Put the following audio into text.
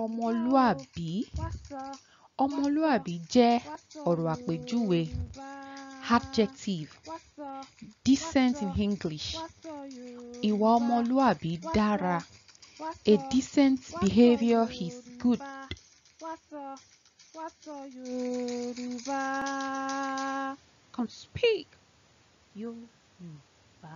Ọmọlúàbí. Ọmọlúàbí jẹ́ ọ̀rọ̀ àpèjúwe adjective decent in English. Ìwà ọmọlúàbí dára. A decent behaviour is good. Come speak Yorùbá.